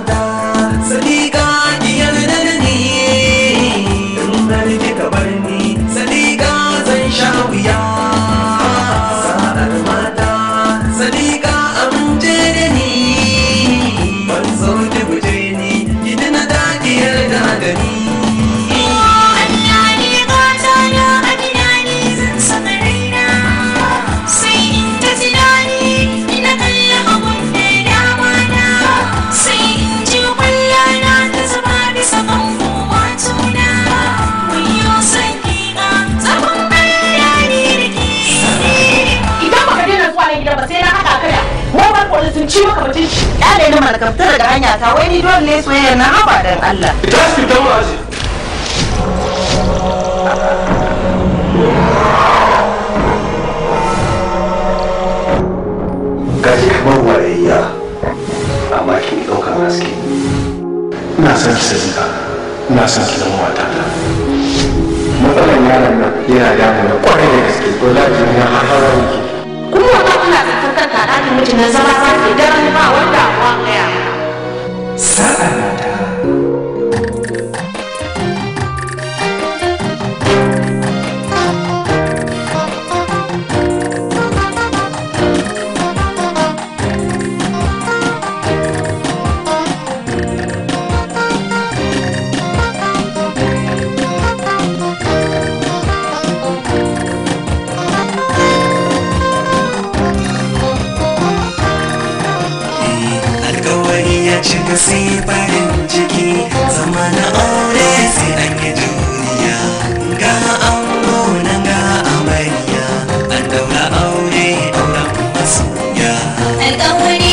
mata sadiqa diyar da bar ni zan sha wuya ci maka mutunci kyale ni mana ka daga hanya ta wai ni dole ne soyayya na haba dan Allah ita su ta mu aji gaji kamar wayayya amma kin ɗaukar haske ina son ki sabida ina son ki zama wata matsalan yaron nan yana damu da kwarai da gaske ko lafiya ga sai farin ciki zama na aure sai an yi juriya ga ango nan ga amarya an daura aure auren masoya